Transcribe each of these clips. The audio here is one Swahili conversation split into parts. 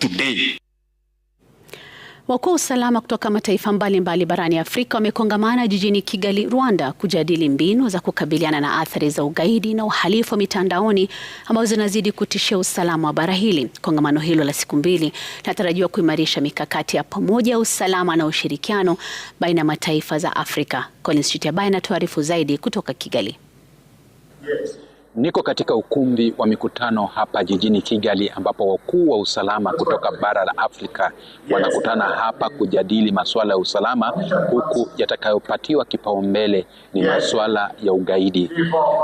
today. Wakuu wa usalama kutoka mataifa mbalimbali mbali barani Afrika wamekongamana jijini Kigali, Rwanda kujadili mbinu za kukabiliana na athari za ugaidi na uhalifu wa mitandaoni ambazo zinazidi kutishia usalama wa bara hili. Kongamano hilo la siku mbili linatarajiwa kuimarisha mikakati ya pamoja ya usalama na ushirikiano baina ya mataifa za Afrika. Collins Chitiabay anatuarifu zaidi kutoka Kigali. Yes. Niko katika ukumbi wa mikutano hapa jijini Kigali ambapo wakuu wa usalama kutoka bara la Afrika wanakutana hapa kujadili masuala ya usalama, huku yatakayopatiwa kipaumbele ni masuala ya ugaidi.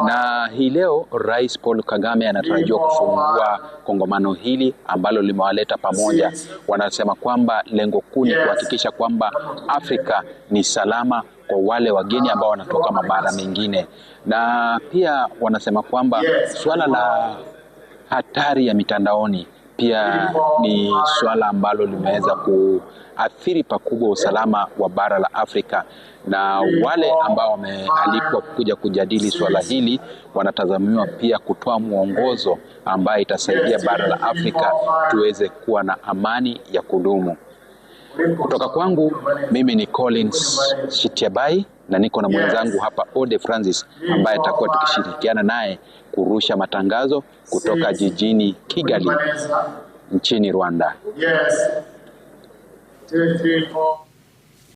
Na hii leo Rais Paul Kagame anatarajiwa kufungua kongamano hili ambalo limewaleta pamoja. Wanasema kwamba lengo kuu ni kuhakikisha kwamba Afrika ni salama kwa eh, wale wageni ambao wanatoka mabara mengine, na pia wanasema kwamba suala la hatari ya mitandaoni pia ni suala ambalo limeweza kuathiri pakubwa usalama wa bara la Afrika, na wale ambao wamealikwa kuja kujadili suala hili wanatazamiwa pia kutoa mwongozo ambaye itasaidia bara la Afrika tuweze kuwa na amani ya kudumu. Kutoka kwangu mimi ni Collins Shitiabai na niko na mwenzangu hapa Ode Francis ambaye atakuwa tukishirikiana naye kurusha matangazo kutoka jijini Kigali nchini Rwanda. Yes. Two, three,